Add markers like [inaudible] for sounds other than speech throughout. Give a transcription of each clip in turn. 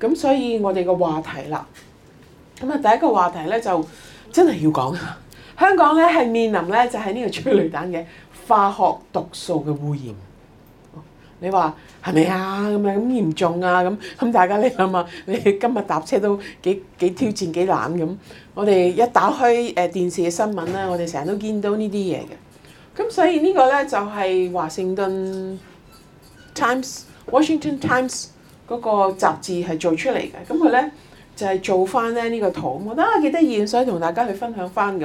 咁所以我哋個話題啦，咁啊第一個話題咧就真係要講香港咧係面臨咧就係、是、呢個催淚彈嘅化學毒素嘅污染。你話係咪啊？咁樣咁嚴重啊？咁咁大家你諗下，你今日搭車都幾幾挑戰幾難咁。我哋一打開誒電視嘅新聞咧，我哋成日都見到呢啲嘢嘅。咁所以個呢個咧就係、是、華盛頓 Times、Washington Times。嗰、那個雜誌係做出嚟嘅，咁佢咧就係、是、做翻咧呢、這個圖，我我得幾得意，所以同大家去分享翻咁。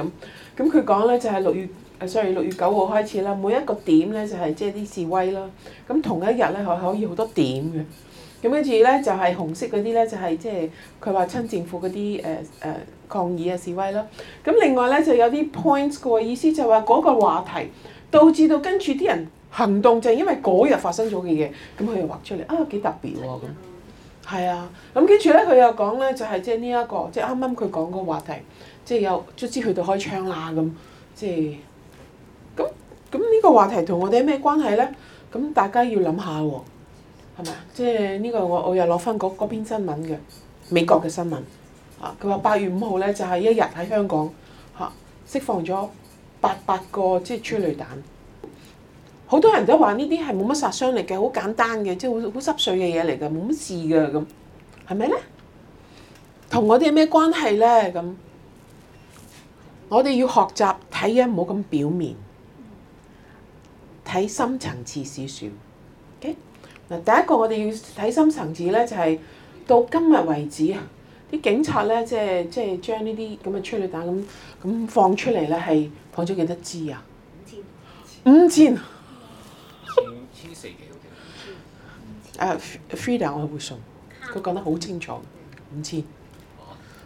咁佢講咧就係、是、六月、啊、，sorry 六月九號開始啦。每一個點咧就係即係啲示威啦。咁同一日咧可可以好多點嘅。咁跟住咧就係、是、紅色嗰啲咧就係即係佢話親政府嗰啲、呃呃、抗議啊示威啦，咁另外咧就有啲 point 嘅意思就話嗰個話題導致到跟住啲人。行動就係因為嗰日發生咗嘅嘢，咁佢又畫出嚟啊，幾特別喎咁，係、哦嗯、啊，咁跟住咧佢又講咧就係即係呢一個即係啱啱佢講個話題，即係又，即知去到開槍啦咁，即係咁咁呢個話題同我哋咩關係咧？咁大家要諗下喎，係咪、就是嗯嗯、啊？即係呢個我我又攞翻嗰篇新聞嘅美國嘅新聞啊，佢話八月五號咧就係一日喺香港嚇釋放咗八百個即係催淚彈。好多人都話呢啲係冇乜殺傷力嘅，好簡單嘅，即係好好濕碎嘅嘢嚟嘅，冇乜事嘅咁，係咪咧？同我哋有咩關係咧？咁我哋要學習睇嘢冇咁表面，睇深層次少少。嗱、okay？第一個我哋要睇深層次咧，就係、是、到今日為止啊！啲警察咧，即係即係將呢啲咁嘅催淚彈咁咁放出嚟咧，係放咗幾多支啊？五千，五千。五千誒、uh, Frida 我會信，佢講得好清楚，五千。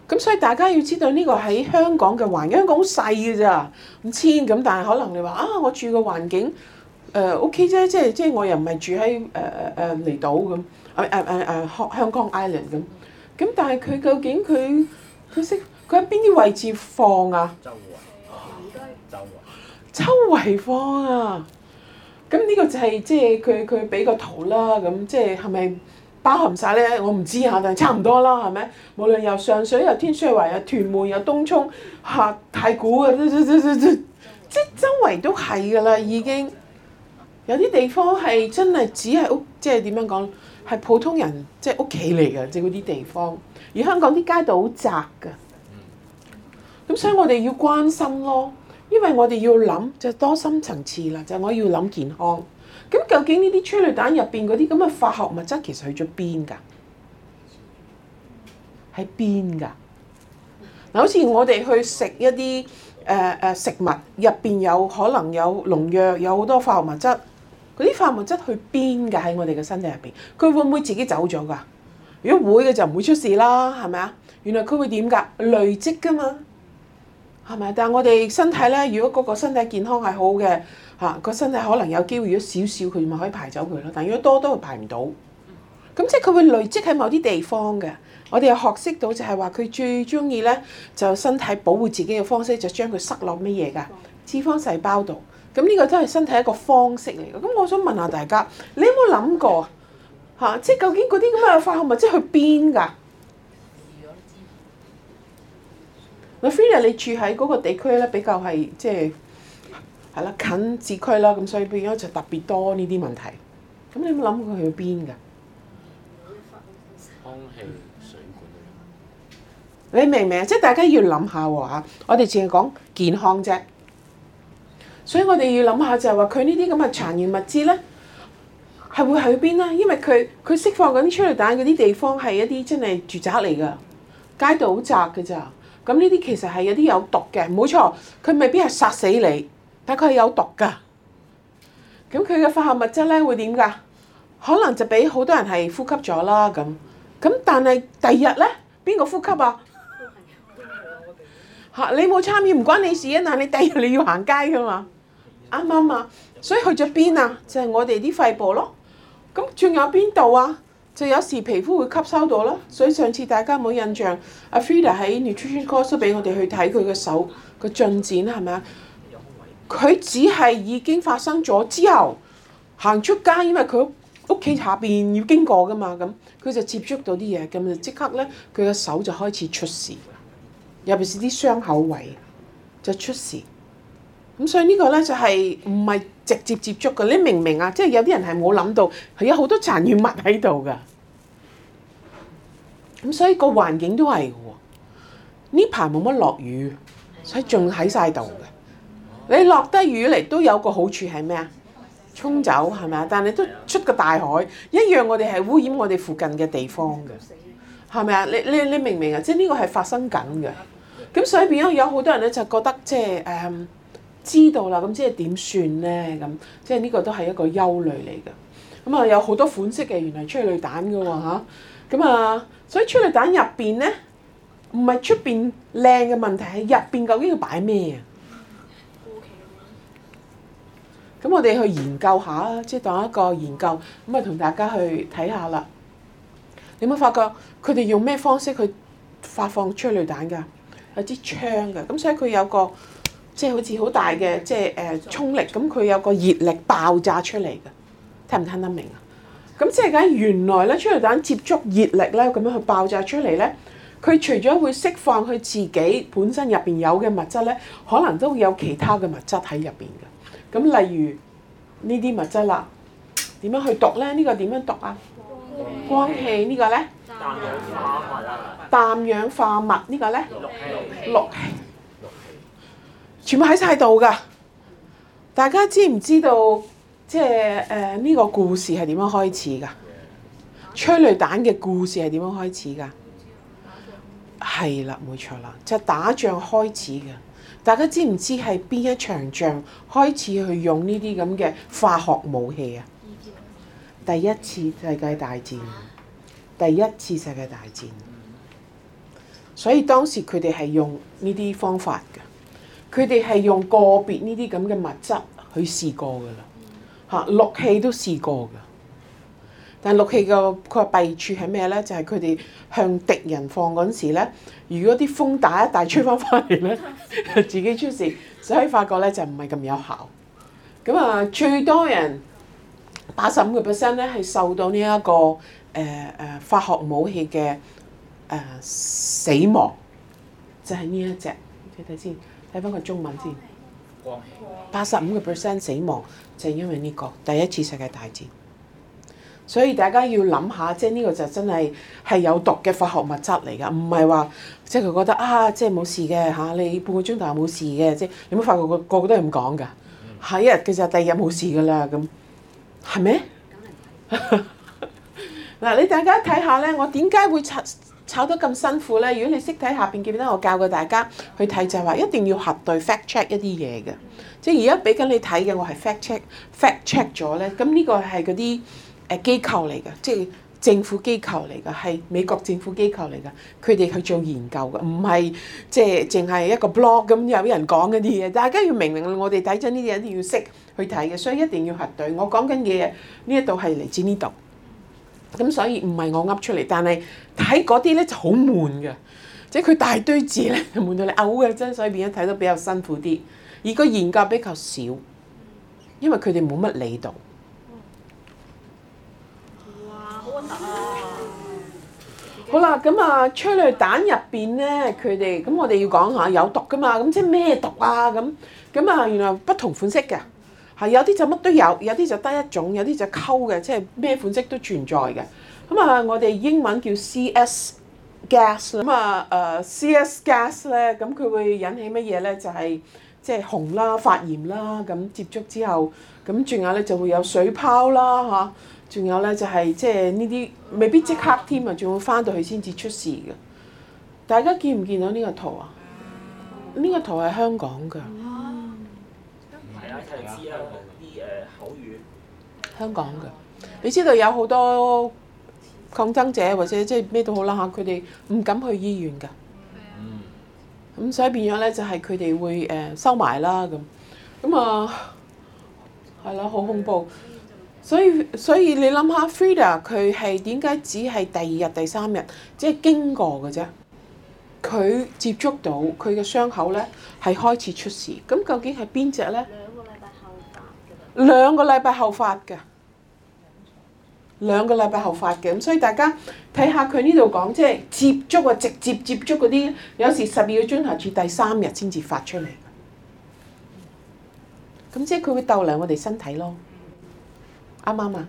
咁所以大家要知道呢個喺香港嘅環境，香港好細嘅咋，五千咁。但係可能你話啊，我住個環境誒、呃、OK 啫，即係即係我又唔係住喺誒誒誒離島咁，誒誒誒誒香香港 Island 咁。咁但係佢究竟佢佢識佢喺邊啲位置放啊？周圍，周圍、啊，周圍放啊！咁呢個就係即係佢佢俾個圖啦，咁即係係咪包含晒咧？我唔知嚇，但係差唔多啦，係咪？無論由上水、由天水圍、由屯門、由東涌、嚇太古嘅，即係周圍都係嘅啦，已經有啲地方係真係只係屋，即係點樣講係普通人即係屋企嚟嘅，即係嗰啲地方。而香港啲街道好窄嘅，咁所以我哋要關心咯。因為我哋要諗就係多深層次啦，就係我要諗健康。咁究竟呢啲催淚彈入邊嗰啲咁嘅化學物質其實去咗邊㗎？喺邊㗎？嗱，好似我哋去食一啲、呃、食物，入邊有可能有農藥，有好多化學物質。嗰啲化學物質去邊㗎？喺我哋嘅身體入邊，佢會唔會自己走咗㗎？如果會嘅就唔會出事啦，係咪啊？原來佢會點㗎？累積㗎嘛。係咪？但係我哋身體咧，如果嗰個身體健康係好嘅，嚇、啊、個身體可能有機會少少，佢咪可以排走佢咯。但係如果多多都排唔到，咁即係佢會累積喺某啲地方嘅。我哋又學識到就係話，佢最中意咧就身體保護自己嘅方式，就將佢塞落乜嘢㗎？脂肪細胞度。咁呢個都係身體一個方式嚟嘅。咁我想問下大家，你有冇諗過嚇、啊？即係究竟嗰啲咁嘅化學物即係去邊㗎？咪 f r 你住喺嗰個地區咧，比較係即係係啦近置區啦，咁所以變咗就特別多呢啲問題。咁你有冇諗佢去邊㗎？空氣、水管。你明唔明？即係大家要諗下喎嚇！我哋淨係講健康啫，所以我哋要諗下就係話佢呢啲咁嘅殘餘物質咧，係會去邊啦？因為佢佢釋放嗰啲催淚彈嗰啲地方係一啲真係住宅嚟㗎，街道好窄㗎咋～咁呢啲其實係有啲有毒嘅，冇錯，佢未必係殺死你，但係佢係有毒㗎。咁佢嘅化學物質咧會點㗎？可能就俾好多人係呼吸咗啦咁。咁但係第二日咧，邊個呼吸啊？嚇 [laughs] [laughs] 你冇參與唔關你事啊！嗱，你第二日你要行街㗎嘛？啱啱啊？所以去咗邊啊？就係我哋啲肺部咯。咁仲有邊度啊？就有時皮膚會吸收到啦，所以上次大家冇印象，Afreeca 喺 Nutrition Course 都俾我哋去睇佢嘅手個進展係咪啊？佢只係已經發生咗之後行出街，因為佢屋企下邊要經過噶嘛，咁佢就接觸到啲嘢，咁就即刻咧佢嘅手就開始出事，尤其是啲傷口位就出事。咁所以這個呢個咧就係唔係直接接觸嘅？你明唔明啊？即係有啲人係冇諗到，係有好多殘餘物喺度噶。咁所以個環境都係喎，呢排冇乜落雨，所以仲喺晒度嘅。你落得雨嚟都有個好處係咩啊？沖走係咪啊？但你都出個大海一樣，我哋係污染我哋附近嘅地方嘅，係咪啊？你你你明唔明啊？即係呢個係發生緊嘅。咁所以變咗有好多人咧就覺得即係誒、嗯、知道啦，咁即係點算呢？咁即係呢個都係一個憂慮嚟嘅。咁啊有好多款式嘅，原來出嚟催淚彈嘅喎嚇。咁啊～所以催淚彈入邊咧，唔係出邊靚嘅問題，係入邊究竟要擺咩啊？咁我哋去研究下啦，即係當一個研究，咁啊同大家去睇下啦。你有冇發覺佢哋用咩方式去發放催淚彈噶？有支槍嘅，咁所以佢有個即係好似好大嘅，即係誒衝力。咁佢有個熱力爆炸出嚟嘅，聽唔聽得明啊？咁即係講原來咧，催淚彈接觸熱力咧，咁樣去爆炸出嚟咧，佢除咗會釋放佢自己本身入邊有嘅物質咧，可能都會有其他嘅物質喺入邊嘅。咁例如呢啲物質啦，點樣去讀咧？呢個點樣讀啊？光氣呢個咧？氮氧化物啊？氮氧化物呢個咧？氯氣氯氣，全部喺晒度㗎。大家知唔知道？即係誒呢個故事係點樣開始㗎？催淚彈嘅故事係點樣開始㗎？係啦，冇錯啦，就打仗開始嘅。大家知唔知係邊一場仗開始去用呢啲咁嘅化學武器啊？第一次世界大戰，第一次世界大戰。所以當時佢哋係用呢啲方法嘅，佢哋係用個別呢啲咁嘅物質去試過㗎啦。嚇，氯氣都試過㗎，但係氯氣嘅佢話弊處係咩咧？就係佢哋向敵人放嗰陣時咧，如果啲風大一，大吹翻翻嚟咧， [laughs] 自己出事，所以發覺咧就唔係咁有效。咁啊，最多人八十五個 percent 咧係受到呢、這、一個誒誒、呃、化學武器嘅誒、呃、死亡，就係、是、呢一隻。睇睇先，睇翻個中文先。八十五個 percent 死亡，就因為呢、這個第一次世界大戰。所以大家要諗下，即係呢個就真係係有毒嘅化學物質嚟㗎，唔係話即係佢覺得啊，即係冇事嘅吓、啊，你半個鐘頭冇事嘅，即係你冇發覺個個都係咁講㗎。係、嗯、日其實第二日冇事㗎啦，咁係咩？嗱，你 [laughs] 大家睇下咧，我點解會拆？炒得咁辛苦咧，如果你識睇下邊，記得我教過大家去睇就係話一定要核對 [music] fact check 一啲嘢嘅。即係而家俾緊你睇嘅，我係 fact check fact check 咗咧。咁呢個係嗰啲誒機構嚟嘅，即係政府機構嚟嘅，係美國政府機構嚟嘅，佢哋去做研究嘅，唔係即係淨係一個 blog 咁有人講嗰啲嘢。大家要明明我哋睇真呢啲嘢，一定要識去睇嘅，所以一定要核對。我講緊嘢呢一度係嚟自呢度。咁所以唔係我噏出嚟，但係睇嗰啲咧就好悶嘅，即係佢大堆字咧就悶到你嘔嘅，真所以變咗睇得比較辛苦啲，而個言價比較少，因為佢哋冇乜理度。哇，好核突啊！好啦，咁啊，催淚彈入邊咧，佢哋咁我哋要講下有毒噶嘛，咁即係咩毒啊？咁咁啊，原來不同款式嘅。係有啲就乜都有，有啲就得一種，有啲就溝嘅，即係咩款式都存在嘅。咁啊，我哋英文叫 C S gas, CS gas。咁啊，誒 C S gas 咧，咁佢會引起乜嘢咧？就係即係紅啦、發炎啦。咁接觸之後，咁轉眼咧就會有水泡啦，嚇。仲有咧就係即係呢啲未必即刻添啊，仲要返到去先至出事嘅。大家見唔見到呢個圖啊？呢、這個圖係香港㗎。香港嘅，你知道有好多抗爭者，或者即係咩都好啦嚇，佢哋唔敢去醫院㗎。咁、嗯、所以變咗呢，就係佢哋會誒收埋啦咁。咁、咁、啊，係啦，好恐怖。所以所以你諗下，Frida 佢係點解只係第二日、第三日，即係經過嘅啫？佢接觸到佢嘅傷口呢，係開始出事。咁究竟係邊隻呢？兩個禮拜後發嘅，兩個禮拜後發嘅，咁所以大家睇下佢呢度講，即係接觸啊，直接接觸嗰啲，有時十二個鐘頭至第三日先至發出嚟，咁即係佢會逗留我哋身體咯，啱唔啱啊？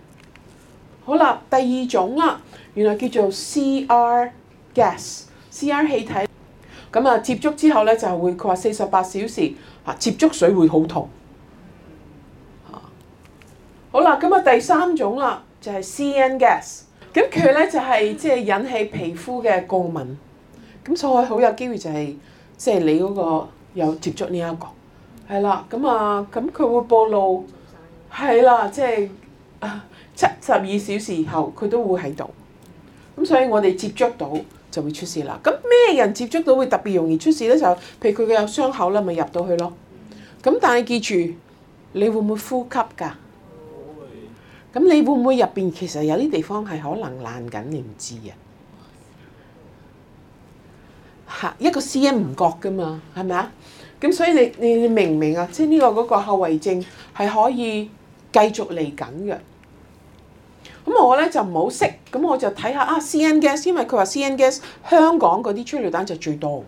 好啦，第二種啦，原來叫做 C R gas，C R 氣體，咁啊接觸之後咧就會，佢話四十八小時啊接觸水會好痛。好啦，咁啊第三種啦，就係 CN Gas，咁佢咧就係即係引起皮膚嘅過敏，咁所以好有機會就係即係你嗰個有接觸呢一個，係啦，咁啊咁佢會暴露，係啦，即係七十二小時後佢都會喺度，咁所以我哋接觸到就會出事啦。咁咩人接觸到會特別容易出事咧？就譬如佢嘅有傷口啦，咪入到去咯。咁但係記住，你會唔會呼吸㗎？咁你會唔會入邊其實有啲地方係可能爛緊，你唔知啊？嚇，一個 C N 唔覺㗎嘛，係咪啊？咁所以你你你明唔明啊，即係呢個嗰個後遺症係可以繼續嚟緊嘅。咁我咧就唔好識，咁我就睇下啊 C N gas，因為佢話 C N gas 香港嗰啲催淚彈就最多。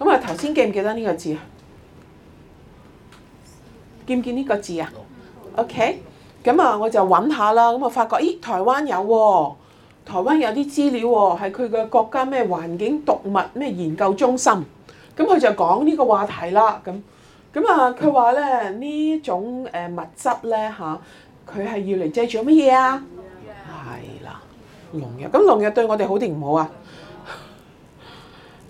咁啊頭先記唔記得呢個字啊？見唔見呢個字啊？OK。咁啊，我就揾下啦，咁啊發覺咦，台灣有喎，台灣有啲資料喎，係佢嘅國家咩環境毒物咩研究中心，咁佢就講呢個話題啦，咁咁啊，佢話咧呢種誒物質咧嚇，佢係要嚟遮住乜嘢啊？係啦，農藥。咁農藥對我哋好定唔好啊？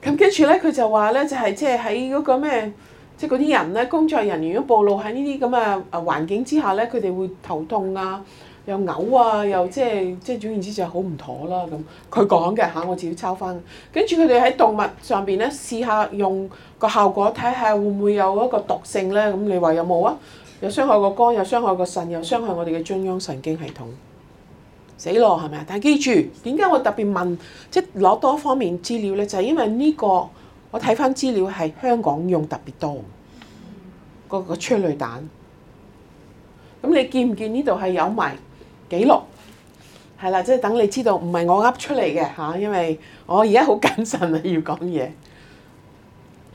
咁跟住咧，佢就話咧就係即係喺嗰個咩？即係嗰啲人咧，工作人員如果暴露喺呢啲咁嘅誒環境之下咧，佢哋會頭痛啊，又嘔啊，又即係即係總言之就係好唔妥啦咁。佢講嘅吓我自己抄翻。跟住佢哋喺動物上邊咧試下用個效果，睇下會唔會有一個毒性咧？咁你話有冇啊？又傷害個肝，又傷害個腎，又傷害我哋嘅中央神經系統，死咯係咪啊？但係記住，點解我特別問即係攞多方面資料咧？就係因為呢個。我睇翻資料係香港用特別多，個個催淚彈。咁你見唔見呢度係有埋記錄？係啦，即係等你知道唔係我噏出嚟嘅嚇，因為我而家好謹慎啊，要講嘢。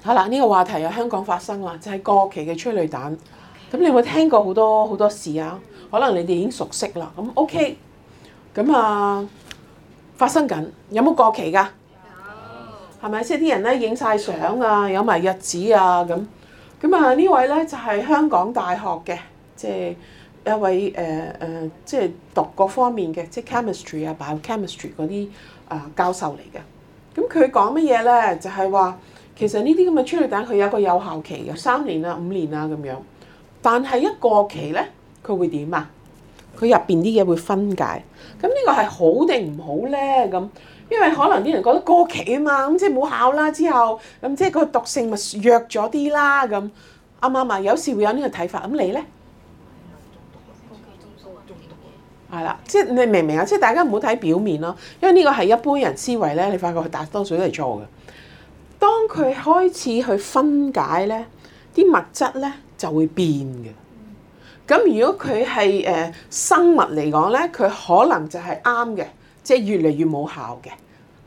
好啦，呢、這個話題喺香港發生啦，就係、是、過期嘅催淚彈。咁你有冇聽過好多好多事啊？可能你哋已經熟悉啦。咁 OK，咁啊發生緊有冇過期㗎？係咪？即係啲人咧影晒相啊，有埋日子啊咁。咁啊呢位咧就係、是、香港大學嘅，即、就、係、是、一位誒誒，即、呃、係、呃就是、讀各方面嘅，即、就、係、是、chemistry 啊，包括 chemistry 嗰啲啊教授嚟嘅。咁佢講乜嘢咧？就係、是、話其實呢啲咁嘅催淚彈，佢有一個有效期嘅，三年啊、五年啊咁樣。但係一過期咧，佢會點啊？佢入邊啲嘢會分解，咁呢個係好定唔好咧？咁因為可能啲人覺得過期啊嘛，咁即係冇效啦。之後咁即係個毒性咪弱咗啲啦。咁啱唔啱啊？有時會有呢個睇法。咁你咧？係啦，即係你明唔明啊？即係大家唔好睇表面咯，因為呢個係一般人思維咧。你發覺佢大多數都係錯嘅。當佢開始去分解咧，啲物質咧就會變嘅。咁如果佢係誒生物嚟講咧，佢可能就係啱嘅，即係越嚟越冇效嘅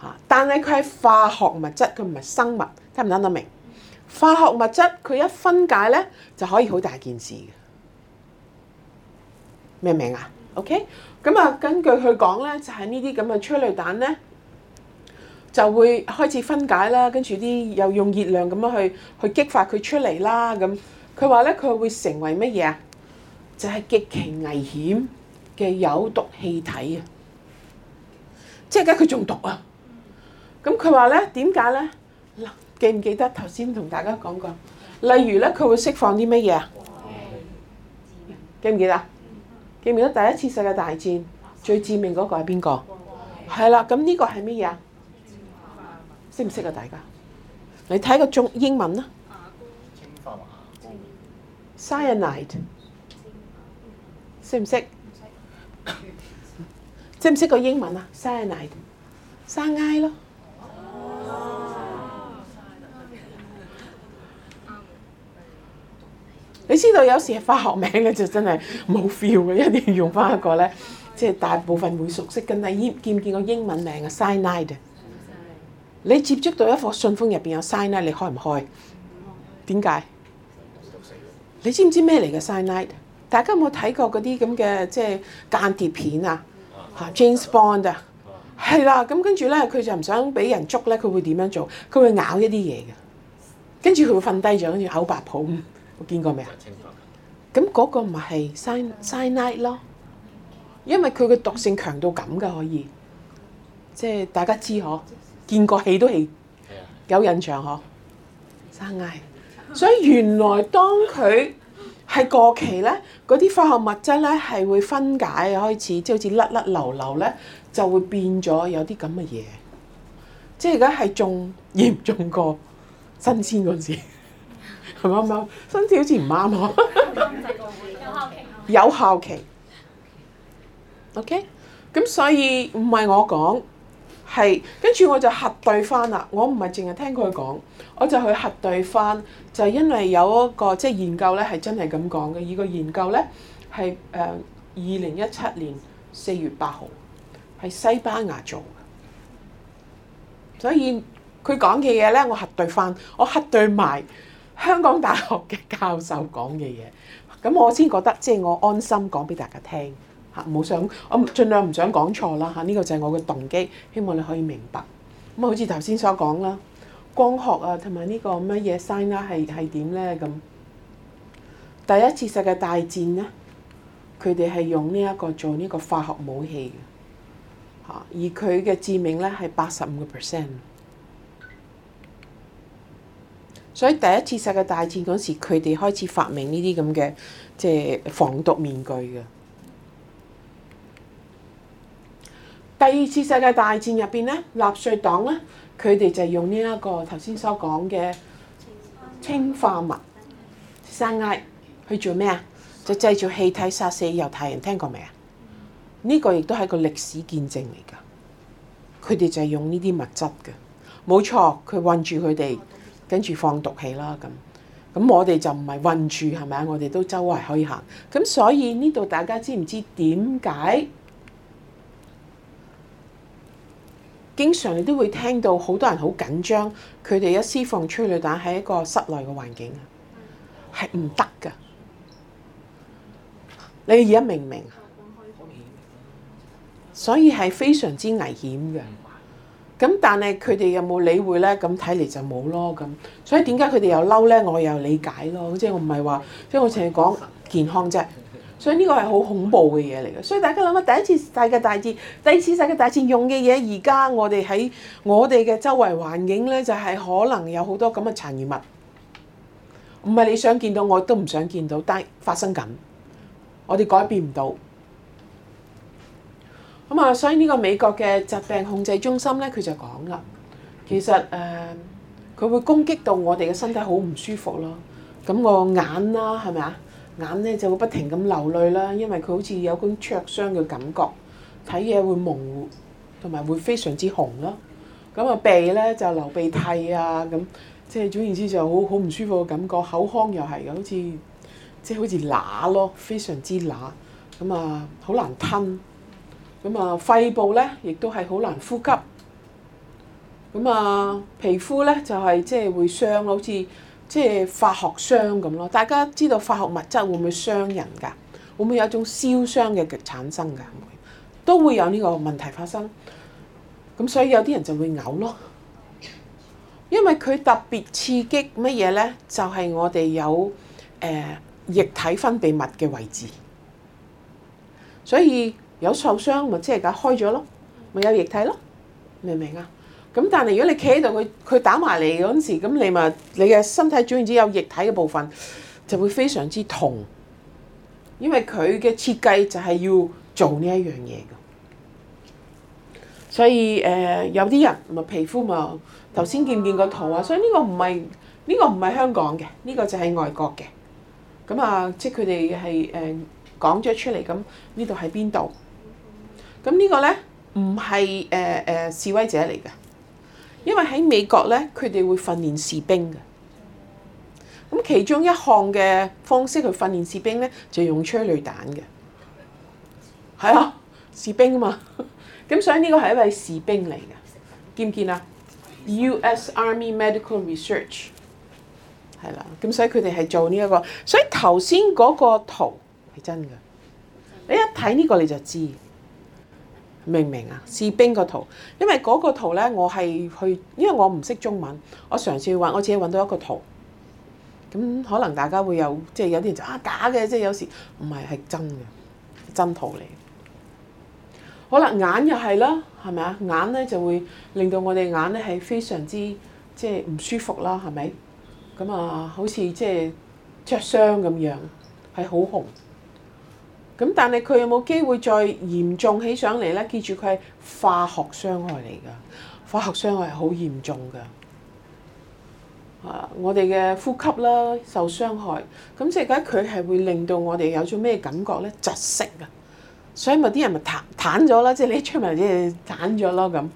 嚇。但係佢係化學物質，佢唔係生物，聽唔聽得明？化學物質佢一分解咧就可以好大件事嘅，明唔明啊？OK，咁啊，根據佢講咧，就係呢啲咁嘅催淚彈咧就會開始分解啦，跟住啲又用熱量咁樣去去激發佢出嚟啦。咁佢話咧佢會成為乜嘢啊？就係極其危險嘅有毒氣體啊！即係點解佢中毒啊？咁佢話咧點解咧？記唔記得頭先同大家講過？例如咧，佢會釋放啲乜嘢啊？記唔記得？記唔記得第一次世界大戰最致命嗰個係邊個？係啦，咁呢個係乜嘢啊？砷化物識唔識啊？大家，你睇個中英文啦。cyanide。識唔識？識唔識個英文啊？cyanide，cyanide 咯。你知道有時係化學名嘅就真係冇 feel 嘅，一定要用翻一個咧。即係大部分會熟悉嘅，你見唔見個英文名啊？cyanide。你接觸到一個信封入邊有 cyanide，你開唔開？點解？你知唔知咩嚟嘅 cyanide？大家有冇睇過嗰啲咁嘅即係間諜片啊？嚇，James Bond 啊，係啦，咁跟住咧，佢就唔想俾人捉咧，佢會點樣做？佢會咬一啲嘢嘅，跟住佢會瞓低咗，跟住口白泡咁。我見過未啊？咁、嗯、嗰、那個咪係山山埃咯，因為佢嘅毒性強到咁噶，可以，即、就、係、是、大家知呵，見過戲都係、嗯、有印象呵，山埃。所以原來當佢。係過期咧，嗰啲化學物質咧係會分解開始，即係好似甩甩流流咧，就會變咗有啲咁嘅嘢。即係而家係仲嚴重過新鮮嗰陣時，係咪啊？新鮮好似唔啱我。有效期。有效期。OK。咁所以唔係我講。係，跟住我就核對翻啦。我唔係淨係聽佢講，我就去核對翻。就是、因為有一個即係、就是、研究咧，係真係咁講嘅。而個研究咧係誒二零一七年四月八號，喺西班牙做嘅。所以佢講嘅嘢咧，我核對翻，我核對埋香港大學嘅教授講嘅嘢，咁我先覺得即係、就是、我安心講俾大家聽。冇想，我盡量唔想講錯啦嚇。呢個就係我嘅動機，希望你可以明白。咁好似頭先所講啦，光學啊，同埋呢個乜嘢 signer 係係點咧咁？第一次世界大戰咧，佢哋係用呢一個做呢個化學武器嘅嚇，而佢嘅致命咧係八十五個 percent。所以第一次世界大戰嗰時候，佢哋開始發明呢啲咁嘅即係防毒面具嘅。第二次世界大戰入邊咧，納粹黨咧，佢哋就用呢一個頭先所講嘅氰化物，生阿去做咩啊？就製造氣體殺死猶太人，聽過未啊？呢個亦都係個歷史見證嚟噶。佢哋就係用呢啲物質嘅，冇錯，佢困住佢哋，跟住放毒氣啦咁。咁我哋就唔係困住，係咪啊？我哋都周圍可以行。咁所以呢度大家知唔知點解？經常你都會聽到好多人好緊張，佢哋一施放催淚彈喺一個室內嘅環境，係唔得㗎。你而家明唔明？所以係非常之危險嘅。咁但係佢哋有冇理會呢？咁睇嚟就冇咯。咁所以點解佢哋又嬲呢？我又理解咯。即係我唔係話，即係我淨係講健康啫。所以呢個係好恐怖嘅嘢嚟嘅，所以大家諗下，第一次世界大戰，第二次世界大戰用嘅嘢，而家我哋喺我哋嘅周圍環境呢，就係可能有好多咁嘅殘餘物，唔係你想見到我都唔想見到，但係發生緊，我哋改變唔到。咁啊，所以呢個美國嘅疾病控制中心呢，佢就講啦，其實誒，佢會攻擊到我哋嘅身體好唔舒服咯。咁我眼啦，係咪啊？眼咧就會不停咁流淚啦，因為佢好似有種灼傷嘅感覺，睇嘢會模糊，同埋會非常之紅咯。咁啊，鼻咧就流鼻涕啊，咁即係總言之就好好唔舒服嘅感覺。口腔又係嘅，好似即係好似乸咯，非常之乸。咁啊，好難吞。咁啊，肺部咧亦都係好難呼吸。咁啊，皮膚咧就係即係會傷，好似～即係化學傷咁咯，大家知道化學物質會唔會傷人㗎？會唔會有一種燒傷嘅嘅產生㗎？都會有呢個問題發生。咁所以有啲人就會嘔咯，因為佢特別刺激乜嘢呢？就係、是、我哋有誒、呃、液體分泌物嘅位置，所以有受傷咪即係解開咗咯，咪有液體咯，明唔明啊？咁但係如果你企喺度，佢佢打埋嚟嗰陣時，咁你咪你嘅身體總然之有液體嘅部分，就會非常之痛。因為佢嘅設計就係要做呢一樣嘢嘅，所以誒、呃、有啲人咪皮膚咪頭先見唔見個圖啊？所以呢個唔係呢個唔係香港嘅，呢、呢個就係外國嘅。咁啊、呃，即係佢哋係誒講咗出嚟，咁呢度喺邊度？咁呢個咧唔係誒誒示威者嚟嘅。因為喺美國咧，佢哋會訓練士兵嘅。咁其中一項嘅方式去訓練士兵咧，就用催淚彈嘅。係啊，士兵啊嘛。咁所以呢個係一位士兵嚟嘅，見唔見啊？US Army Medical Research 係啦、啊。咁所以佢哋係做呢、這、一個。所以頭先嗰個圖係真嘅。你一睇呢個你就知。明唔明啊？士兵個圖，因為嗰個圖咧，我係去，因為我唔識中文，我嘗試揾，我自己揾到一個圖。咁可能大家會有，即係有啲人就啊假嘅，即係有時唔係係真嘅，真圖嚟。好啦，眼又係啦，係咪啊？眼咧就會令到我哋眼咧係非常之即係唔舒服啦，係咪？咁啊，好似即係灼傷咁樣，係好紅。咁但係佢有冇機會再嚴重起上嚟咧？記住佢係化學傷害嚟噶，化學傷害係好嚴重噶。啊，我哋嘅呼吸啦受傷害，咁即係而家佢係會令到我哋有咗咩感覺咧？窒息啊！所以咪啲人咪痰痰咗啦，即係你出即啲痰咗咯咁。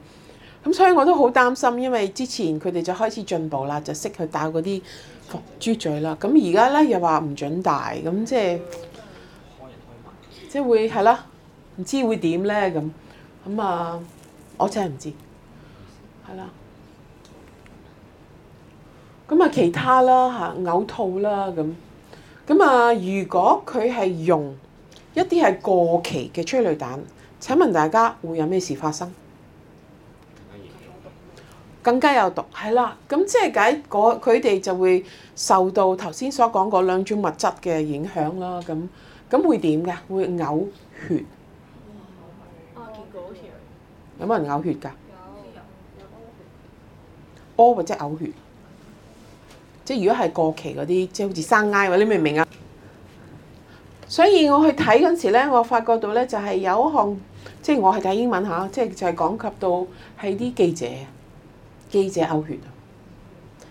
咁所以我都好擔心，因為之前佢哋就開始進步啦，窒息去打嗰啲防豬嘴啦。咁而家咧又話唔準打。咁即係。即會係啦，唔知會點咧咁咁啊！我真係唔知，係啦。咁啊，其他啦嚇，嘔吐啦咁。咁啊，如果佢係用一啲係過期嘅催淚彈，請問大家會有咩事發生？更加有毒，更加有毒，係啦。咁即係解佢哋就會受到頭先所講嗰兩種物質嘅影響啦。咁。咁會點㗎？會嘔血。啊，結果好似有。有冇人嘔血㗎？有。屙或者嘔血，即係如果係過期嗰啲，即係好似生拉喎，你明唔明啊？所以我去睇嗰陣時咧，我發覺到咧就係有一項，即係我係睇英文吓，即係就係講及到係啲記者，記者嘔血。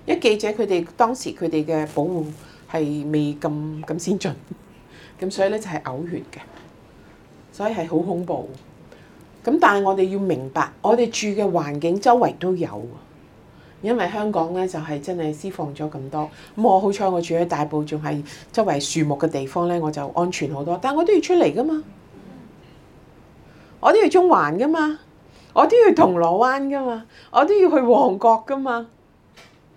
因為記者佢哋當時佢哋嘅保護係未咁咁先進，咁所以咧就係嘔血嘅，所以係好恐怖。咁但係我哋要明白，我哋住嘅環境周圍都有，因為香港咧就係真係釋放咗咁多。咁我好彩，我住喺大埔，仲係周圍樹木嘅地方咧，我就安全好多。但我都要出嚟噶嘛，我都要中環噶嘛，我都要去銅鑼灣噶嘛，我都要去旺角噶嘛。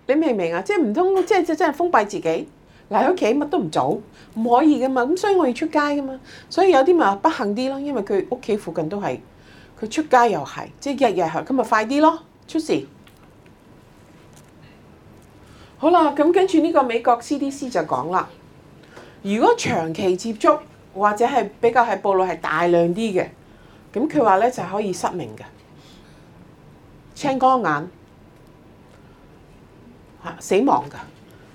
你明唔明啊？即係唔通，即係真係封閉自己？嗱，喺屋企乜都唔做，唔可以噶嘛，咁所以我要出街噶嘛，所以有啲咪不幸啲咯，因為佢屋企附近都係佢出街又係，即係日日行咁咪快啲咯。出事。好啦，咁跟住呢個美國 CDC 就講啦，如果長期接觸或者係比較係暴露係大量啲嘅，咁佢話咧就可以失明嘅、青光眼嚇、啊、死亡噶。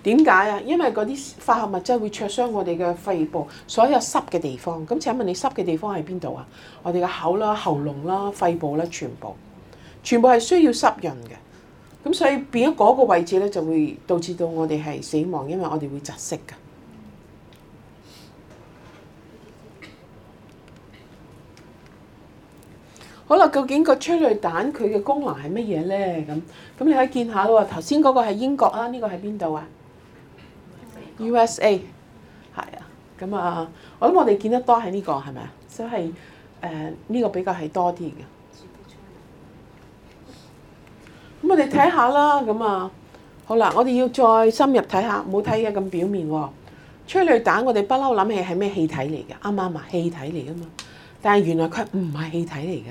點解啊？因為嗰啲化學物質會灼傷我哋嘅肺部，所有濕嘅地方。咁請問你濕嘅地方喺邊度啊？我哋嘅口啦、喉嚨啦、肺部啦，全部，全部係需要濕潤嘅。咁所以變咗嗰個位置咧，就會導致到我哋係死亡，因為我哋會窒息㗎。好啦，究竟個催淚彈佢嘅功能係乜嘢咧？咁咁你睇見下啦喎，頭先嗰個係英國啦，呢個係邊度啊？U.S.A. 係啊，咁啊，我諗我哋見得多係呢、呢個係咪啊？係所以係，係誒呢個比較係多啲嘅。咁我哋睇下啦，咁啊，好啦，我哋要再深入睇下，冇睇嘅咁表面喎、哦。催淚彈我哋不嬲諗起係咩氣體嚟嘅？啱啱啊？氣體嚟噶嘛？但係原來佢唔係氣體嚟噶。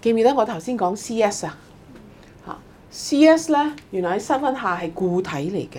記唔記得我頭先講 C.S. 啊？嚇、啊，C.S. 咧原來喺室溫下係固體嚟嘅。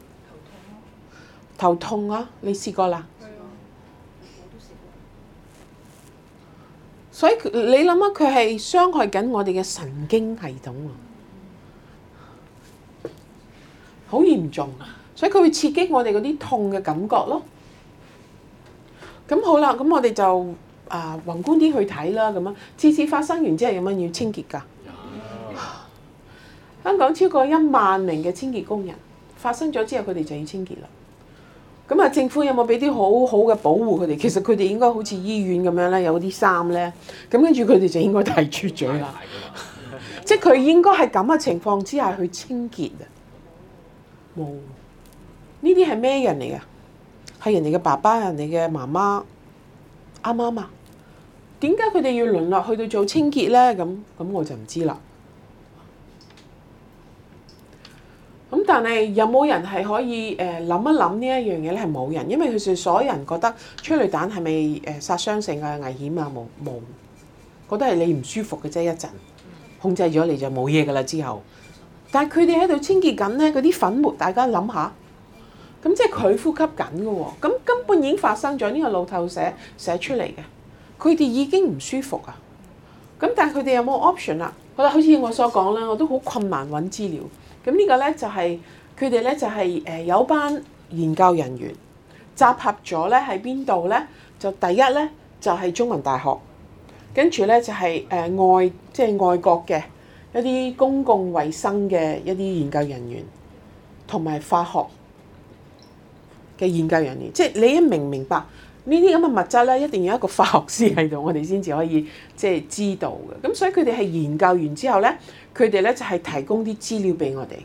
頭痛啊！你試過啦？係啊，我都試過。所以你諗啊，佢係傷害緊我哋嘅神經系統啊，好嚴重啊！所以佢會刺激我哋嗰啲痛嘅感覺咯。咁好啦，咁我哋就啊宏觀啲去睇啦。咁樣，次次發生完之後，有乜要清潔㗎？有。香港超過一萬名嘅清潔工人發生咗之後，佢哋就要清潔啦。咁啊，政府有冇俾啲好好嘅保護佢哋？其實佢哋應該好似醫院咁樣咧，有啲衫咧，咁跟住佢哋就應該戴住嘴啦。 [laughs] 即係佢應該係咁嘅情況之下去清潔啊。冇、哦，呢啲係咩人嚟嘅？係人哋嘅爸爸，人哋嘅媽媽，啱唔啱啊？點解佢哋要淪落去到做清潔咧？咁咁我就唔知啦。咁但係有冇人係可以誒諗一諗呢一樣嘢咧？係冇人，因為其實所有人覺得催淚彈係咪誒殺傷性嘅危險啊？冇冇，覺得係你唔舒服嘅啫一陣，控制咗你就冇嘢噶啦之後。但係佢哋喺度清潔緊咧，嗰啲粉末，大家諗下，咁即係佢呼吸緊嘅喎。咁根本已經發生咗呢個路透社寫出嚟嘅，佢哋已經唔舒服啊。咁但係佢哋有冇 option 啊？我就好似我所講啦，我都好困難揾資料。咁呢個咧就係佢哋咧，就係誒有班研究人員集合咗咧，喺邊度咧？就第一咧就係中文大學，跟住咧就係誒外即係外國嘅一啲公共衞生嘅一啲研究人員，同埋化學嘅研究人員。即係你一明唔明白。呢啲咁嘅物質咧，一定要有一個化學師喺度，我哋先至可以即係知道嘅。咁所以佢哋係研究完之後咧，佢哋咧就係提供啲資料俾我哋，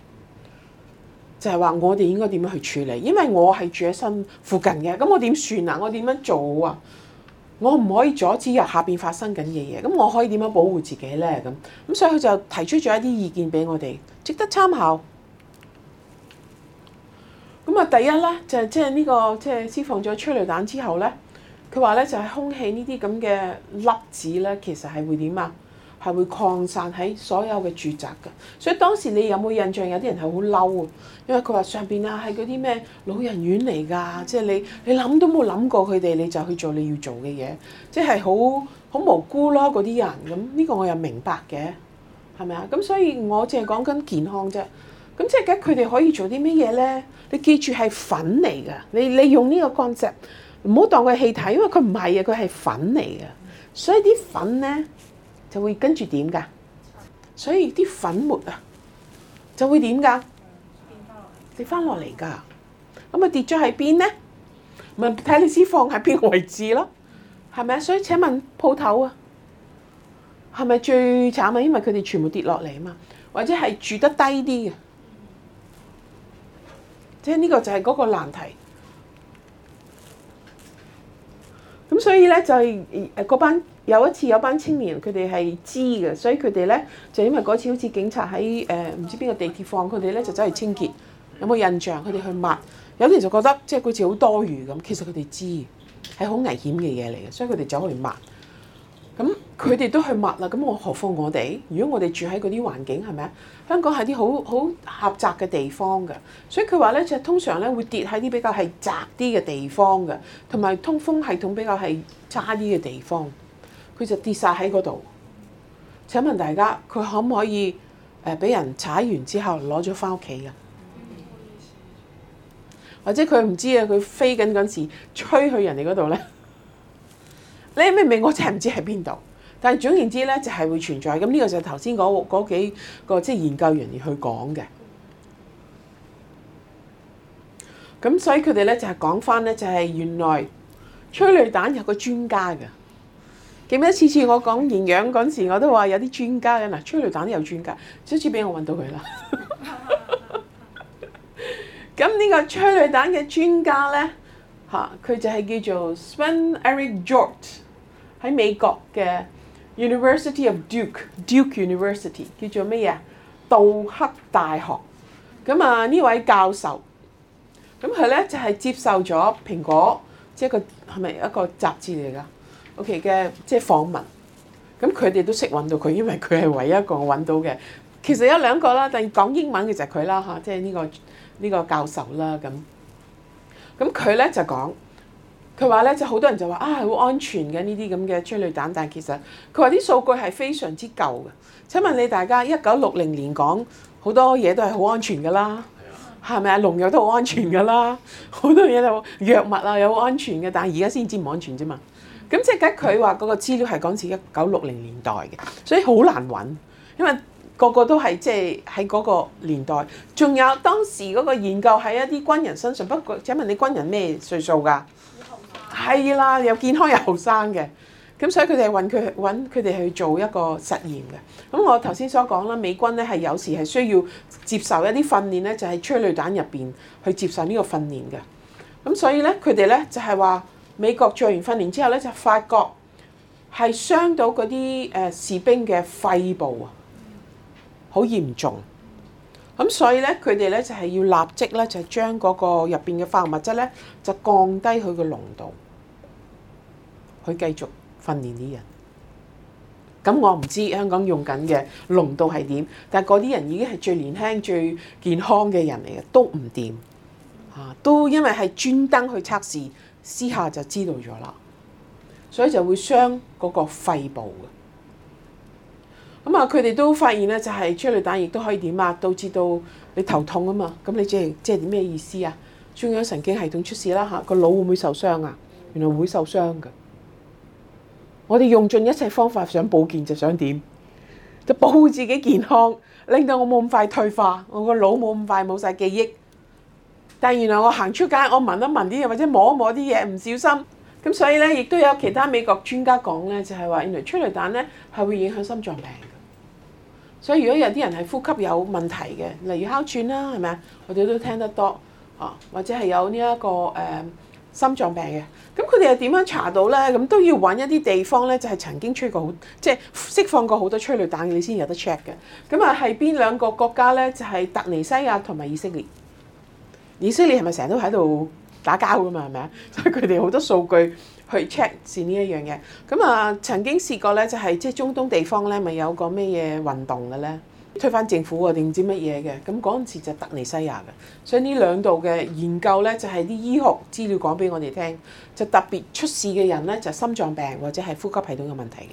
就係話我哋應該點樣去處理。因為我係住喺新附近嘅，咁我點算啊？我點樣做啊？我唔可以阻止入下邊發生緊嘅嘢，咁我可以點樣保護自己咧？咁咁所以佢就提出咗一啲意見俾我哋，值得參考。咁啊，第一咧就係即係呢個即係釋放咗催淚彈之後咧，佢話咧就係空氣呢啲咁嘅粒子咧，其實係會點啊？係會擴散喺所有嘅住宅㗎。所以當時你有冇印象有啲人係好嬲啊？因為佢話上邊啊係嗰啲咩老人院嚟㗎，即係你你諗都冇諗過佢哋，你就去做你要做嘅嘢，即係好好無辜咯嗰啲人。咁呢個我又明白嘅，係咪啊？咁所以我淨係講緊健康啫。咁即係嘅，佢哋可以做啲咩嘢咧？你記住係粉嚟㗎。你你用呢個乾劑，唔好當佢氣體，因為佢唔係啊，佢係粉嚟㗎，所以啲粉咧就會跟住點㗎？所以啲粉末啊就會點㗎？跌翻落嚟㗎。咁啊跌咗喺邊咧？問睇你先放喺邊個位置咯，係咪啊？所以請問鋪頭啊，係咪最慘啊？因為佢哋全部跌落嚟啊嘛，或者係住得低啲嘅。即係呢個就係嗰個難題。咁所以咧就係誒嗰班有一次有班青年，佢哋係知嘅，所以佢哋咧就因為嗰次好似警察喺誒唔知邊個地鐵放佢哋咧就走去清潔，有冇印象？佢哋去抹，有啲人就覺得即係好似好多餘咁，其實佢哋知係好危險嘅嘢嚟嘅，所以佢哋走去抹。咁佢哋都去抹啦，咁我何況我哋？如果我哋住喺嗰啲環境係咪啊？香港係啲好好狹窄嘅地方嘅，所以佢話咧就通常咧會跌喺啲比較係窄啲嘅地方嘅，同埋通風系統比較係差啲嘅地方，佢就跌晒喺嗰度。請問大家，佢可唔可以誒俾人踩完之後攞咗返屋企嘅？或者佢唔知啊？佢飛緊嗰時吹去人哋嗰度咧？你明唔明？我真係唔知喺邊度，但係總言之咧，就係會存在。咁呢個就頭先嗰幾個即係研究人員去講嘅。咁所以佢哋咧就係講翻咧，就係原來催淚彈有個專家嘅。記得次次我講營養嗰時我都話有啲專家嘅嗱，催淚彈都有專家。終於俾我揾到佢啦。咁 [laughs] 呢個催淚彈嘅專家咧，佢就係叫做 Sven-Eric Jordt。喺美國嘅 University of Duke，Duke Duke University 叫做咩啊？杜克大學。咁啊呢位教授，咁佢咧就係接受咗蘋果，即係一個係咪一個雜誌嚟噶？OK 嘅，即係訪問。咁佢哋都識揾到佢，因為佢係唯一一個揾到嘅。其實有兩個啦，但係講英文嘅就係佢啦嚇，即係呢個呢個教授啦咁。咁佢咧就講。佢話咧，就好多人就話啊，好安全嘅呢啲咁嘅催淚彈。但係其實佢話啲數據係非常之舊嘅。請問你大家一九六零年講好多嘢都係好安全㗎啦，係咪啊？農藥都好安全㗎啦，好多嘢都藥物啊，又安全嘅。但係而家先知唔安全啫嘛。咁即係佢話嗰個資料係講似一九六零年代嘅，所以好難揾，因為個個都係即係喺嗰個年代。仲有當時嗰個研究喺一啲軍人身上，不過請問你軍人咩歲數㗎？係啦，又健康又後生嘅，咁所以佢哋揾佢揾佢哋去做一個實驗嘅。咁我頭先所講啦，美軍咧係有時係需要接受一啲訓練咧，就係催淚彈入邊去接受呢個訓練嘅。咁所以咧，佢哋咧就係話美國做完訓練之後咧，就發覺係傷到嗰啲誒士兵嘅肺部啊，好嚴重。咁所以咧，佢哋咧就係要立即咧就將嗰個入邊嘅化學物質咧就降低佢嘅濃度。佢繼續訓練啲人，咁我唔知香港用緊嘅濃度係點，但係嗰啲人已經係最年輕、最健康嘅人嚟嘅，都唔掂，嚇、啊、都因為係專登去測試，私下就知道咗啦，所以就會傷嗰個肺部嘅。咁啊，佢、啊、哋都發現咧，就係催淚彈亦都可以點啊，導致到你頭痛啊嘛。咁你即係即係咩意思啊？中央神經系統出事啦、啊、嚇、啊，個腦會唔會受傷啊？原來會受傷嘅。我哋用盡一切方法想保健，就想點，就保護自己健康，令到我冇咁快退化，我個腦冇咁快冇晒記憶。但係原來我行出街，我聞一聞啲嘢，或者摸一摸啲嘢，唔小心咁，所以咧亦都有其他美國專家講咧，就係話原來催淚彈咧係會影響心臟病。所以如果有啲人係呼吸有問題嘅，例如哮喘啦，係咪啊？我哋都聽得多啊，或者係有呢、這、一個誒。呃心臟病嘅，咁佢哋又點樣查到咧？咁都要搵一啲地方咧，就係曾經吹過好，即、就、係、是、釋放過好多催淚彈，你先有得 check 嘅。咁啊，係邊兩個國家咧？就係、是、突尼西亞同埋以色列。以色列係咪成日都喺度打交㗎嘛？係咪啊？所以佢哋好多數據去 check 是呢一樣嘢。咁啊，曾經試過咧、就是，就係即係中東地方咧，咪有個咩嘢運動嘅咧？推翻政府啊！定唔知乜嘢嘅，咁嗰陣時就特尼西亞嘅，所以呢兩度嘅研究呢，就係、是、啲醫學資料講俾我哋聽，就特別出事嘅人呢，就是、心臟病或者係呼吸系統嘅問題嘅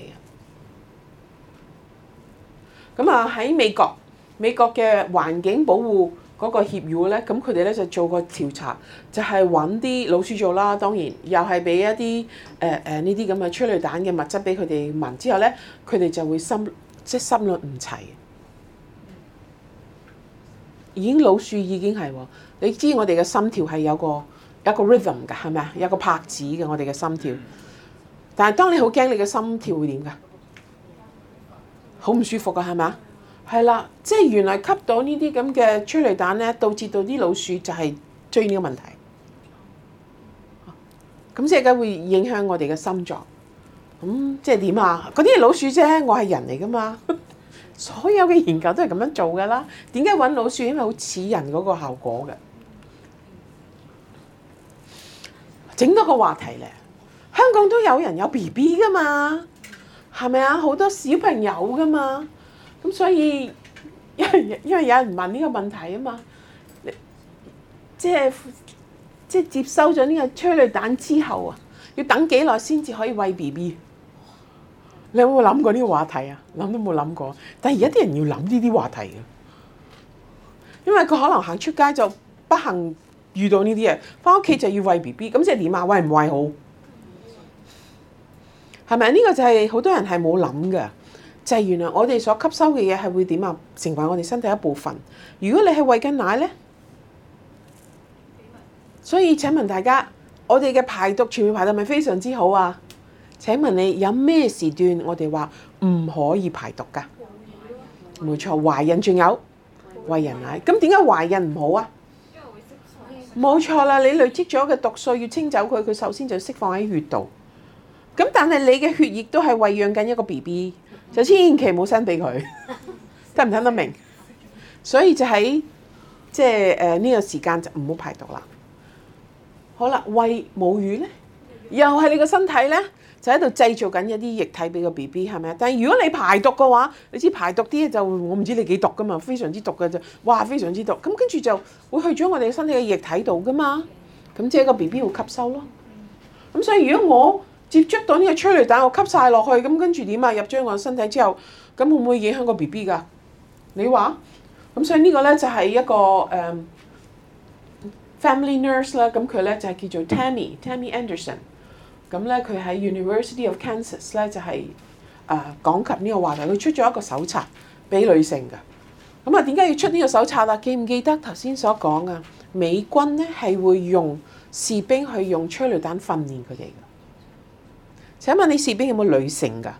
人。咁啊，喺美國，美國嘅環境保護嗰個協議會呢，咁佢哋呢，就做個調查，就係揾啲老鼠做啦。當然又係俾一啲誒誒呢啲咁嘅催淚彈嘅物質俾佢哋聞之後呢，佢哋就會心即、就是、心率唔齊。已經老鼠已經係喎，你知我哋嘅心跳係有個有個 rhythm 㗎，係咪啊？有個拍子嘅我哋嘅心跳。但係當你好驚，你嘅心跳會點㗎？好唔舒服㗎，係咪啊？係啦，即係原來吸到呢啲咁嘅催淚彈咧，導致到啲老鼠就係出現呢個問題。咁即係梗會影響我哋嘅心臟。咁即係點啊？嗰啲老鼠啫，我係人嚟㗎嘛。所有嘅研究都係咁樣做㗎啦，點解揾老鼠？因為好似人嗰個效果嘅。整多個話題嚟，香港都有人有 BB 噶嘛，係咪啊？好多小朋友噶嘛，咁所以因為因為有人問呢個問題啊嘛，即係即係接收咗呢個催淚彈之後啊，要等幾耐先至可以餵 BB？你有冇諗過呢個話題啊？諗都冇諗過，但係而家啲人要諗呢啲話題啊，因為佢可能行出街就不幸遇到呢啲嘢，翻屋企就要餵 B B，咁即係點啊？餵唔餵好？係咪？呢個就係好多人係冇諗嘅，就係原來我哋所吸收嘅嘢係會點啊？成為我哋身體一部分。如果你係餵緊奶呢，所以請問大家，我哋嘅排毒全面排毒係咪非常之好啊？請問你有咩時段我哋話唔可以排毒噶？冇錯，懷孕仲有餵人奶。咁點解懷孕唔好啊？冇錯啦，你累積咗嘅毒素要清走佢，佢首先就釋放喺血度。咁但係你嘅血液都係餵養緊一個 BB，就千祈唔好生俾佢。 [laughs] 聽唔聽得明？所以就喺即係呃呢個時間就唔好排毒啦。好啦，餵母乳呢？又係你個身體呢？就喺度製造緊一啲液體俾個 B B 係咪啊？但係如果你排毒嘅話，你知排毒啲嘢就我唔知你幾毒噶嘛，非常之毒嘅就，哇非常之毒！咁跟住就會去咗我哋身體嘅液體度噶嘛，咁即係個 B B 會吸收咯。咁所以如果我接觸到呢個催淚彈，我吸晒落去，咁跟住點啊？入咗我身體之後，咁會唔會影響個 B B 㗎？你話？咁所以這個呢個咧就係、是、一個誒、uh, family nurse 啦，咁佢咧就係、是、叫做 Tammy Tammy Anderson。咁咧，佢喺 University of Kansas 咧就係誒講及呢個話題，佢出咗一個手冊俾女性嘅。咁啊，點解要出呢個手冊啊？記唔記得頭先所講啊？美軍咧係會用士兵去用催淚彈訓練佢哋嘅。請問你士兵有冇女性㗎？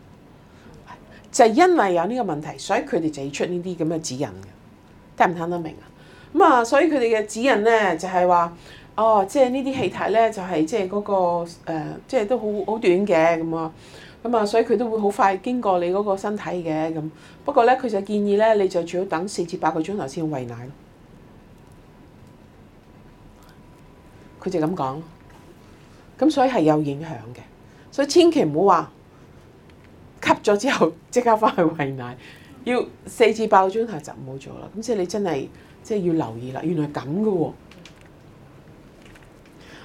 就係因為有呢個問題，所以佢哋就要出呢啲咁嘅指引嘅。聽唔聽得明啊？咁啊，所以佢哋嘅指引咧就係話。哦，即係呢啲氣體咧，就係即係嗰個呃，即係都好好短嘅咁啊，咁啊，所以佢都會好快經過你嗰個身體嘅咁。不過咧，佢就建議咧，你就最好等四至八個鐘頭先去餵奶。佢就咁講，咁所以係有影響嘅，所以千祈唔好話吸咗之後即刻翻去餵奶，要四至八個鐘頭就唔好做啦。咁即係你真係即係要留意啦。原來係咁嘅喎。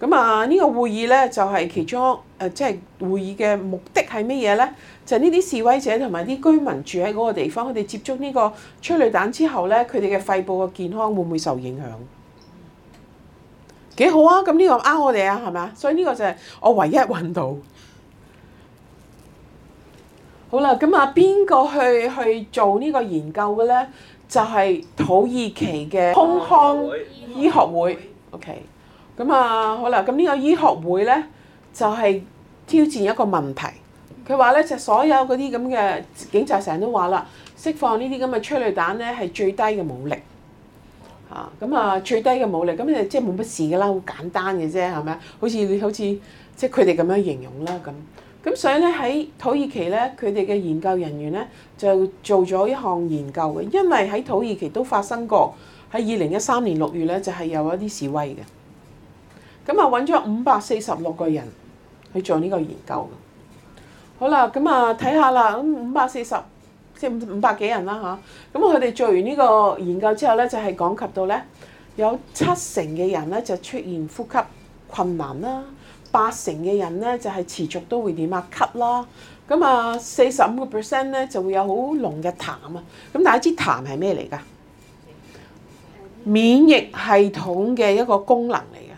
咁啊，呢個會議呢，就係、是、其中誒，即、就、係、是、會議嘅目的係咩嘢呢？就係呢啲示威者同埋啲居民住喺嗰個地方，佢哋接觸呢個催淚彈之後呢，佢哋嘅肺部嘅健康會唔會受影響？幾好啊！咁呢個啱我哋啊，係咪啊？所以呢個就係我唯一揾到。好啦，咁啊，邊個去去做呢個研究嘅呢？就係、是、土耳其嘅胸腔醫學會。O.K. 咁啊，好啦，咁呢個醫學會咧就係挑戰一個問題。佢話咧就所有嗰啲咁嘅警察成日都話啦，釋放呢啲咁嘅催淚彈咧係最低嘅武力啊。咁啊，最低嘅武力咁你，即係冇乜事噶啦，好簡單嘅啫，係咪啊？好似好似即係佢哋咁樣形容啦。咁。咁所以咧喺土耳其咧，佢哋嘅研究人員咧就做咗一項研究嘅，因為喺土耳其都發生過喺二零一三年六月咧就係有一啲示威嘅。咁啊，揾咗五百四十六個人去做呢個研究好。好啦，咁啊，睇下啦，咁五百四十即係五百幾人啦吓，咁佢哋做完呢個研究之後咧，就係、是、講及到咧，有七成嘅人咧就出現呼吸困難啦，八成嘅人咧就係、是、持續都會點啊，咳啦。咁啊，四十五個 percent 咧就會有好濃嘅痰啊。咁但係支痰係咩嚟噶？免疫系統嘅一個功能嚟。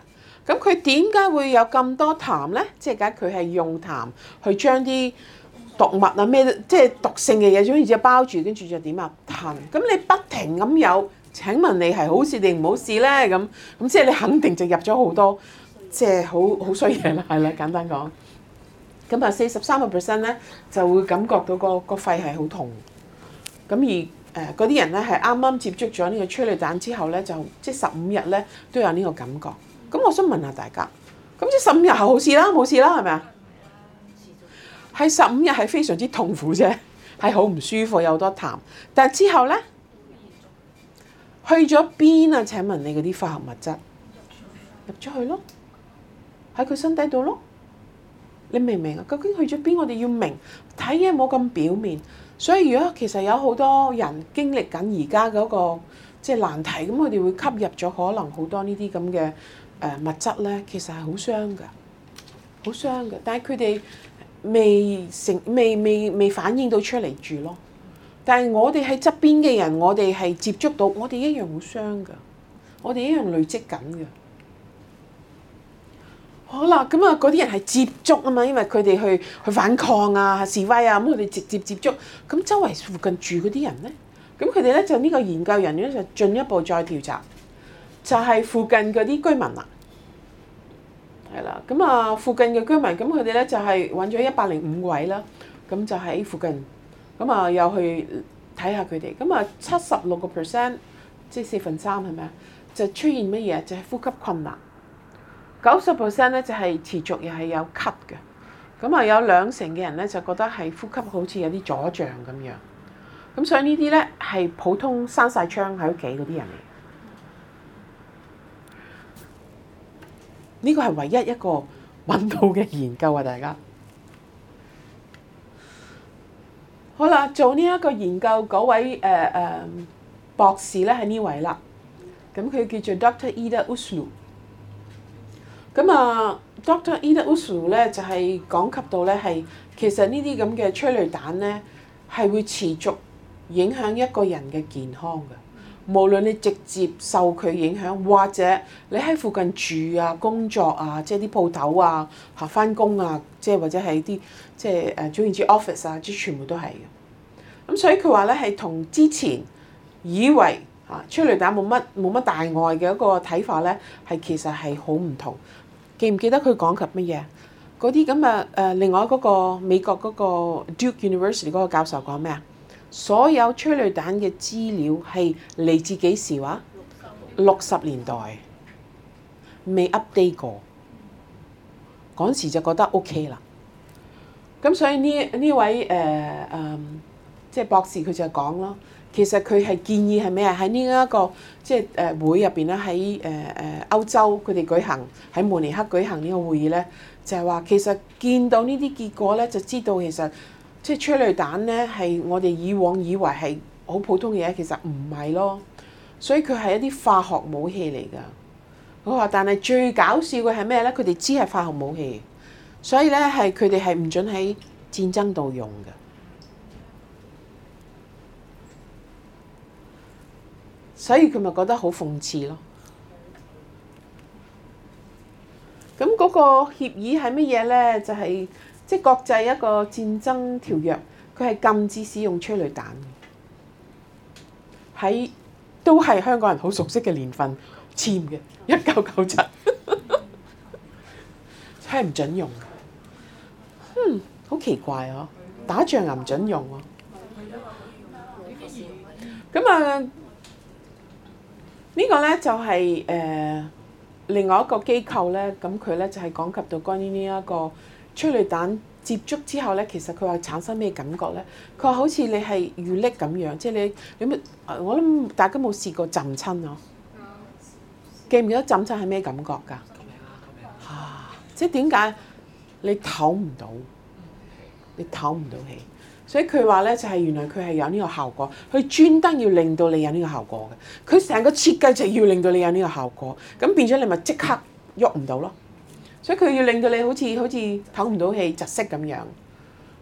咁佢點解會有咁多痰咧？即係而家佢係用痰去將啲毒物啊咩，即係毒性嘅嘢，總之包住跟住就點啊痰。咁你不停咁有，請問你係好事定唔好事咧？咁咁即係你肯定就入咗好多，即係好好衰嘢啦，係啦，簡單講。咁啊，四十三個 percent 咧就會感覺到個個肺係好痛。咁而誒嗰啲人咧係啱啱接觸咗呢個催淚彈之後咧，就即係十五日咧都有呢個感覺。咁我想問下大家，咁即十五日係好事啦，冇事啦，係咪啊？係十五日係非常之痛苦啫，係好唔舒服，有好多痰。但之後呢，去咗邊啊？請問你嗰啲化學物質入咗去咯，喺佢身體度咯。你明唔明啊？究竟去咗邊？我哋要明，睇嘢冇咁表面。所以如果其實有好多人在經歷緊而家嗰個即係難題，咁佢哋會吸入咗可能好多呢啲咁嘅。誒物質咧，其實係好傷㗎，好傷㗎。但係佢哋未成，未未未反應到出嚟住咯。但係我哋喺側邊嘅人，我哋係接觸到，我哋一樣好傷㗎，我哋一樣累積緊㗎。好啦，咁啊，嗰啲人係接觸啊嘛，因為佢哋去去反抗啊示威啊，咁佢哋直接接觸。咁周圍附近住嗰啲人咧，咁佢哋咧就呢個研究人員咧就進一步再調查。就係、是、附近嗰啲居民啦，係啦，咁啊附近嘅居民，咁佢哋咧就係揾咗一百零五位啦，咁就喺附近，咁啊又去睇下佢哋，咁啊七十六個 percent，即係四分三係咪啊？就出現乜嘢？就係、是、呼吸困難，九十 percent 咧就係、是、持續又係有咳嘅，咁啊有兩成嘅人咧就覺得係呼吸好似有啲阻脹咁樣，咁所以呢啲咧係普通閂晒窗喺屋企嗰啲人嚟。呢個係唯一一個揾到嘅研究啊！大家好啦，做呢一個研究嗰位誒誒、呃呃、博士咧喺呢這位啦，咁佢叫做 Dr. Eda Uslu。咁、uh，啊，Dr. Eda Uslu 咧就係、是、講及到咧係其實呢啲咁嘅催淚彈咧係會持續影響一個人嘅健康嘅。無論你直接受佢影響，或者你喺附近住啊、工作啊，即係啲鋪頭啊、嚇翻工啊，即係或者係啲即係誒，總之係 office 啊，即係全部都係。咁所以佢話咧係同之前以為嚇催淚彈冇乜冇乜大礙嘅一個睇法咧，係其實係好唔同。記唔記得佢講緊乜嘢？嗰啲咁啊誒，那另外嗰個美國嗰個 Duke University 嗰個教授講咩啊？所有催淚彈嘅資料係嚟自幾時話、啊？六十年代未 update 過，嗰時就覺得 OK 啦。咁所以呢呢位誒即係博士佢就講咯，其實佢係建議係咩？啊、呢個？喺呢一個即係誒會入邊咧，喺誒誒歐洲佢哋舉行喺慕尼黑舉行呢個會議咧，就係、是、話其實見到呢啲結果咧，就知道其實。即係催淚彈咧，係我哋以往以為係好普通嘅嘢，其實唔係咯。所以佢係一啲化學武器嚟噶。佢話，但係最搞笑嘅係咩咧？佢哋知係化學武器，所以咧係佢哋係唔准喺戰爭度用嘅。所以佢咪覺得好諷刺咯。咁嗰個協議係乜嘢咧？就係、是。即係國際一個戰爭條約，佢係禁止使用催淚彈嘅。喺都係香港人好熟悉嘅年份簽嘅一九九七，係唔準用嘅。嗯，好奇怪啊！打仗又唔準用啊。咁啊，呢個呢就係誒另外一個機構呢，咁佢呢就係講及到關於呢一個。催淚彈接觸之後咧，其實佢話產生咩感覺咧？佢話好似你係遇溺咁樣，即係你你乜？我諗大家冇試過浸親咯，記唔記得浸親係咩感覺噶？嚇、啊！即係點解你唞唔到？你唞唔到氣，所以佢話咧就係原來佢係有呢個效果，佢專登要令到你有呢個效果嘅，佢成個設計就要令到你有呢個效果，咁變咗你咪即刻喐唔到咯。所以佢要令到你好似好似唞唔到氣、窒息咁樣，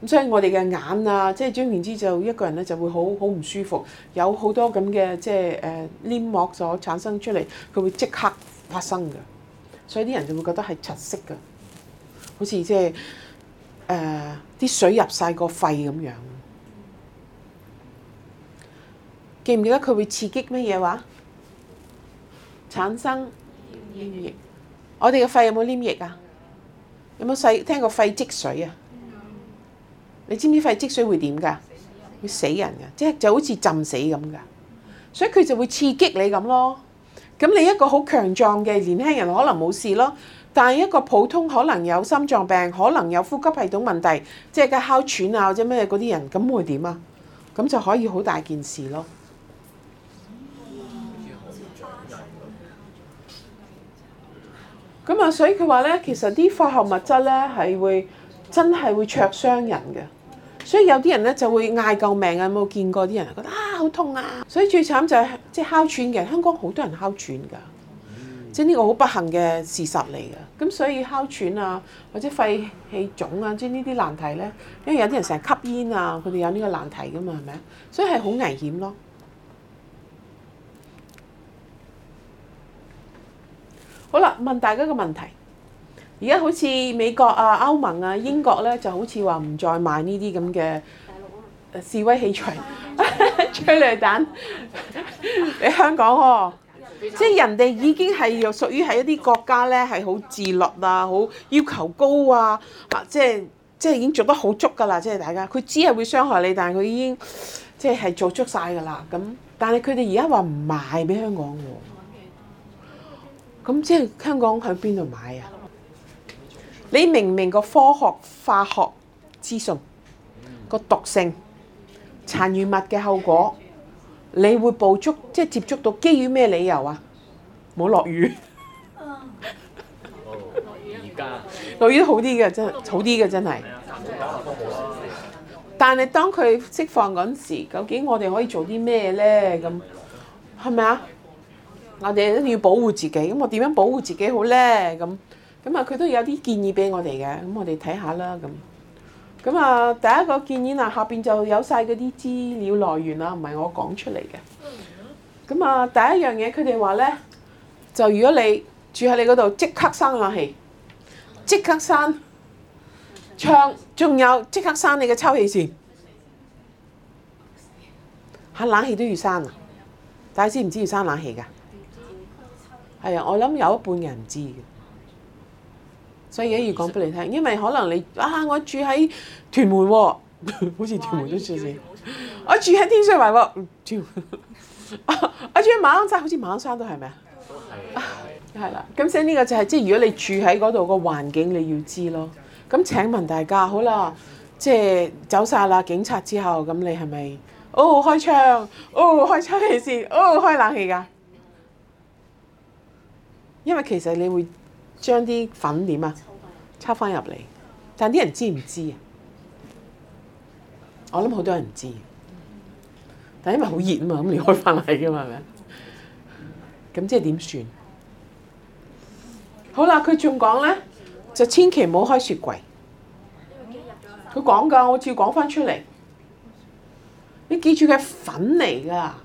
咁所以我哋嘅眼啊，即係總之就是、一個人咧就會好好唔舒服，有好多咁嘅即係誒黏膜所產生出嚟，佢會即刻發生嘅，所以啲人就會覺得係窒息嘅，好似即係誒啲水入晒個肺咁樣，記唔記得佢會刺激乜嘢話產生炎炎炎炎我哋嘅肺有冇黏液啊？有冇細聽過肺積水啊？你知唔知肺積水會點噶？會死人噶，即係就好似浸死咁噶。所以佢就會刺激你咁咯。咁你一個好強壯嘅年輕人可能冇事咯，但係一個普通可能有心臟病、可能有呼吸系統問題，即係個哮喘啊或者咩嗰啲人，咁會點啊？咁就可以好大件事咯。咁、嗯、啊，所以佢話咧，其實啲化學物質咧係會真係會灼傷人嘅，所以有啲人咧就會嗌救命啊！有冇見過啲人覺得啊好痛啊？所以最慘就係即係哮喘嘅，香港好多人哮喘㗎，即係呢個好不幸嘅事實嚟㗎。咁所以哮喘啊，或者肺氣腫啊，即係呢啲難題咧，因為有啲人成日吸煙啊，佢哋有呢個難題㗎嘛，係咪啊？所以係好危險咯。好啦，問大家一個問題。而家好似美國啊、歐盟啊、英國咧，就好似話唔再賣呢啲咁嘅示威器材、啊、 [laughs] 催淚彈。俾 [laughs] 香港喎、啊，即係人哋已經係又屬於係一啲國家咧，係好自律啊，好要求高啊，嚇！即係即係已經做得好足㗎啦，即係大家。佢只係會傷害你，但係佢已經即係係做足晒㗎啦。咁，但係佢哋而家話唔賣俾香港喎、啊。咁即係香港喺邊度買啊？你明唔明個科學化學資訊個、嗯、毒性殘餘物嘅後果？你會捕捉即係接觸到基於咩理由啊？冇落雨、哦。落雨而家落雨好啲嘅真係好啲嘅真係。但係當佢釋放嗰陣時，究竟我哋可以做啲咩呢？咁係咪啊？我哋一定要保護自己，咁我點樣保護自己好呢？咁咁啊，佢都有啲建議俾我哋嘅，咁我哋睇下啦。咁咁啊，第一個建議嗱，下邊就有曬嗰啲資料來源啦，唔係我講出嚟嘅。咁啊，第一樣嘢佢哋話呢，就如果你住喺你嗰度，即刻閂冷氣，即刻閂窗，仲有即刻閂你嘅抽氣扇，嚇冷氣都要閂啊！大家知唔知要閂冷氣噶？係啊，我諗有一半人唔知嘅，所以而家要講俾你聽，因為可能你啊，我住喺屯門喎，好似屯門都算先。我住喺天水圍喎，屯門。我住喺馬鞍山，好似馬鞍山都係。咪？啊？都係，都係。係啦，咁所以呢個就係即係如果你住喺嗰度個環境你要知咯。咁請問大家好啦，即係走晒啦警察之後，咁你係咪？哦開窗，哦開窗氣扇，哦開冷氣㗎。因為其實你會將啲粉點啊，插翻入嚟，但啲人知唔知啊？我諗好多人唔知，但因為好熱啊嘛，咁你開翻嚟噶嘛，係咪？咁即係點算？好啦，佢仲講咧，就千祈唔好開雪櫃。佢講噶，我照講翻出嚟。你記住的是來的，佢係粉嚟噶，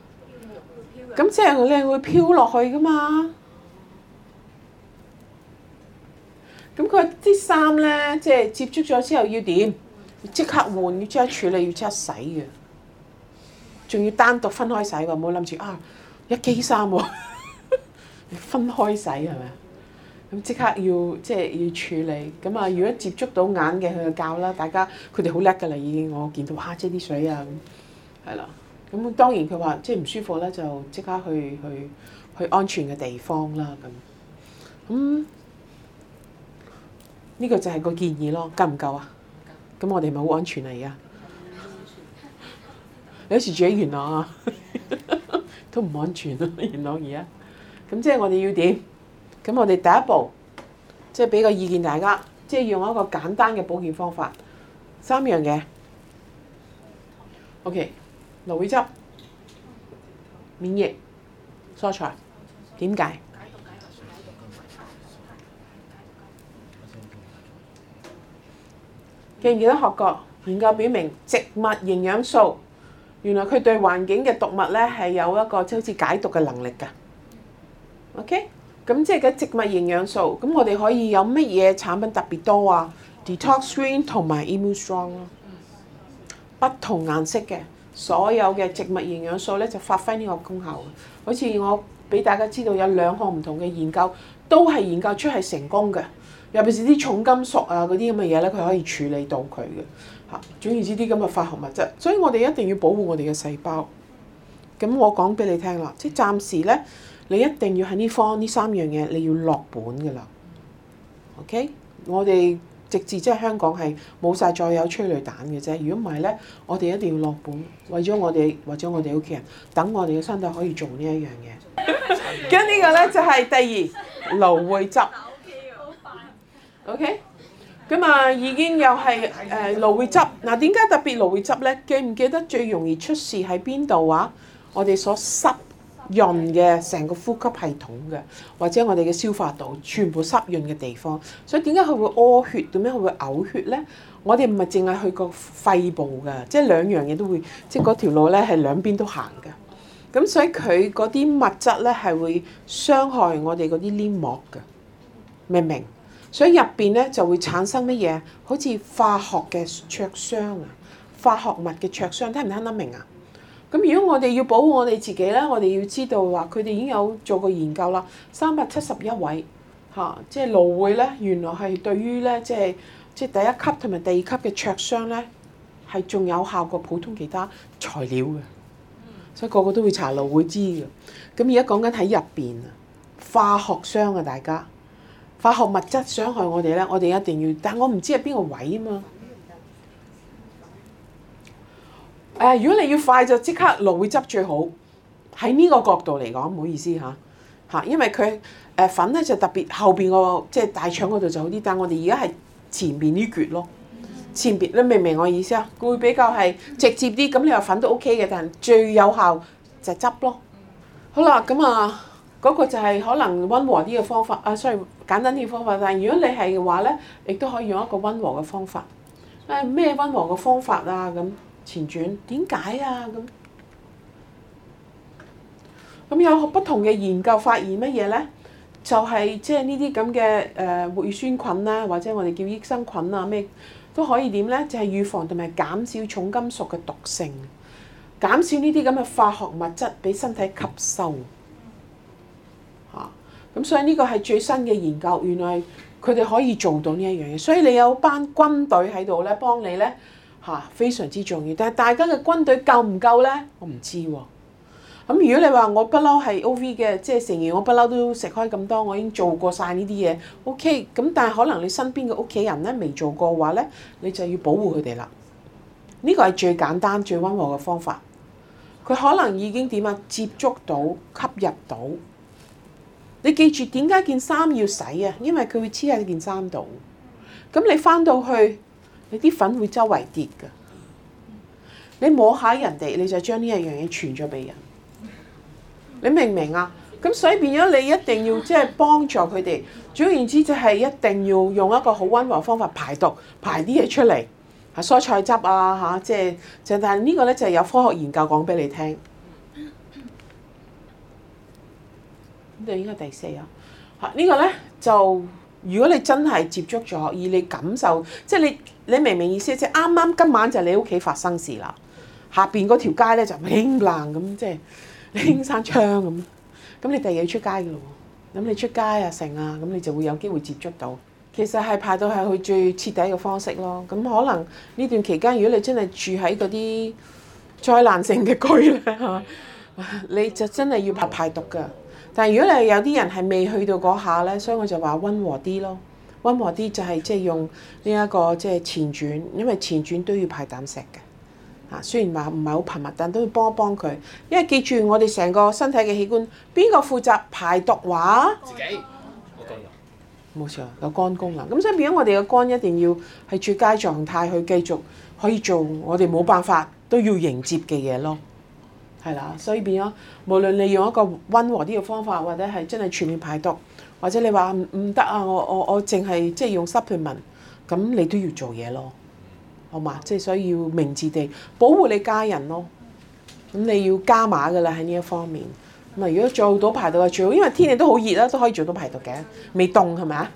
咁即係你會飄落去噶嘛？嗯咁佢啲衫咧，即係接觸咗之後要點？即刻換，要即刻處理，要即刻洗嘅。仲要單獨分開洗喎，冇諗住啊一機衫喎，你分開洗係咪啊？咁即刻要即係要處理。咁啊，如果接觸到眼嘅，佢就教啦。大家佢哋好叻㗎啦，已經我見到姐。哇！即係啲水啊，係啦。咁當然佢話即係唔舒服咧，就即刻去去去去安全嘅地方啦。咁咁。呢個就係個建議咯，夠唔夠啊？唔夠。咁我哋咪好安全啊！而家有時住喺元朗，啊，都唔安全咯。元朗而家，咁即係我哋要點？咁我哋第一步，即係俾個意見大家，即係用一個簡單嘅保健方法，三樣嘢。OK，蘆薈汁、免疫、蔬菜，點解？記唔記得學過？研究表明，植物營養素原來佢對環境嘅毒物咧係有一個即係好似解毒嘅能力㗎。OK，咁即係嘅植物營養素，咁我哋可以有乜嘢產品特別多啊？Detox Green 同埋 Immune Strong 咯，不同顏色嘅所有嘅植物營養素咧就發揮呢個功效。好似我俾大家知道有兩項唔同嘅研究，都係研究出係成功嘅。尤其是啲重金屬啊，嗰啲咁嘅嘢咧，佢可以處理到佢嘅吓。總言之，啲咁嘅化學物質，所以我哋一定要保護我哋嘅細胞。咁我講俾你聽啦，即係暫時咧，你一定要喺呢方呢三樣嘢，你要落本㗎啦。OK，我哋直至即係香港係冇晒再有催淚彈嘅啫。如果唔係咧，我哋一定要落本，為咗我哋或者我哋屋企人，等我哋嘅身體可以做呢一樣嘢。跟 [laughs] 呢個咧就係、是、第二蘆薈汁。 [laughs] OK，咁啊，已經又係誒蘆薈汁。嗱，點解特別蘆薈汁咧？記唔記得最容易出事喺邊度啊？我哋所濕潤嘅成個呼吸系統嘅，或者我哋嘅消化道，全部濕潤嘅地方。所以點解佢會屙血？點解佢會嘔血咧？我哋唔係淨係去個肺部㗎，即係兩樣嘢都會，即係嗰條路咧係兩邊都行㗎。咁所以佢嗰啲物質咧係會傷害我哋嗰啲黏膜㗎，明唔明？所以入邊咧就會產生乜嘢？好似化學嘅灼傷啊，化學物嘅灼傷，聽唔聽得明啊？咁如果我哋要保護我哋自己咧，我哋要知道話，佢哋已經有做過研究啦。三百七十一位嚇，即係蘆薈咧，原來係對於咧即係即係第一級同埋第二級嘅灼傷咧，係仲有效過普通其他材料嘅。所以個個都會查蘆薈知嘅。咁而家講緊喺入邊啊，化學傷啊，大家。化學物質傷害我哋咧，我哋一定要，但我唔知係邊個位啊嘛。誒、呃，如果你要快就即刻蘆薈汁最好。喺呢個角度嚟講，唔好意思嚇嚇、啊，因為佢誒、呃、粉咧就特別後邊個即係大腸嗰度就好啲，但係我哋而家係前面啲橛咯。前邊你明唔明我意思啊？佢會比較係直接啲，咁你話粉都 OK 嘅，但係最有效就係汁咯。好啦，咁啊。嗰、那個就係可能溫和啲嘅方法啊，雖然簡單啲方法，但如果你係嘅話咧，亦都可以用一個溫和嘅方法。誒、哎、咩溫和嘅方法啊？咁前轉點解啊？咁咁有不同嘅研究發現乜嘢咧？就係、是、即係呢啲咁嘅誒活乳酸菌啊，或者我哋叫益生菌啊，咩都可以點咧？就係、是、預防同埋減少重金屬嘅毒性，減少呢啲咁嘅化學物質俾身體吸收。咁所以呢個係最新嘅研究，原來佢哋可以做到呢一樣嘢。所以你有一班軍隊喺度咧，幫你咧嚇非常之重要。但係大家嘅軍隊夠唔夠咧？我唔知喎、啊。咁如果你話我不嬲係 O V 嘅，即係成員我不嬲都食開咁多，我已經做過晒呢啲嘢。O K，咁但係可能你身邊嘅屋企人咧未做過嘅話咧，你就要保護佢哋啦。呢個係最簡單、最溫和嘅方法。佢可能已經點啊？接觸到、吸入到。你記住點解件衫要洗啊？因為佢會黐喺件衫度。咁你翻到去，你啲粉會周圍跌噶。你摸下人哋，你就將呢一樣嘢傳咗俾人。你明唔明啊？咁所以變咗你一定要即係幫助佢哋。總言之，就係一定要用一個好溫和嘅方法排毒，排啲嘢出嚟。嚇，蔬菜汁啊，嚇，即係就係呢個咧，就係有科學研究講俾你聽。呢度應該第四啊！嚇、這個、呢個咧就，如果你真係接觸咗，而你感受，即係你你明唔明意思即係啱啱今晚就你屋企發生事啦，下邊嗰條街咧就傾爛咁，即係傾山窗咁，咁你第二日要出街嘅咯喎，咁你出街啊成啊，咁你就會有機會接觸到，其實係排到係佢最徹底嘅方式咯。咁可能呢段期間，如果你真係住喺嗰啲災難性嘅區咧，嚇， [laughs] 你就真係要排排毒噶。但係如果你係有啲人係未去到嗰下咧，所以我就話溫和啲咯，溫和啲就係即係用呢一個即係前轉，因為前轉都要排膽石嘅，啊雖然話唔係好頻密，但都要幫一幫佢。因為記住我哋成個身體嘅器官，邊個負責排毒話？自己冇錯，冇錯，有肝功能。咁所以變咗我哋嘅肝一定要係最佳狀態去繼續可以做我哋冇辦法都要迎接嘅嘢咯。係啦，所以變咗，無論你用一個温和啲嘅方法，或者係真係全面排毒，或者你話唔唔得啊，我我我淨係即係用 supplement，咁你都要做嘢咯，好嘛？即係所以要明智地保護你家人咯。咁你要加碼噶啦喺呢一方面。咁啊，如果做到排毒係最好，因為天氣都好熱啦，都可以做到排毒嘅。未凍係咪啊？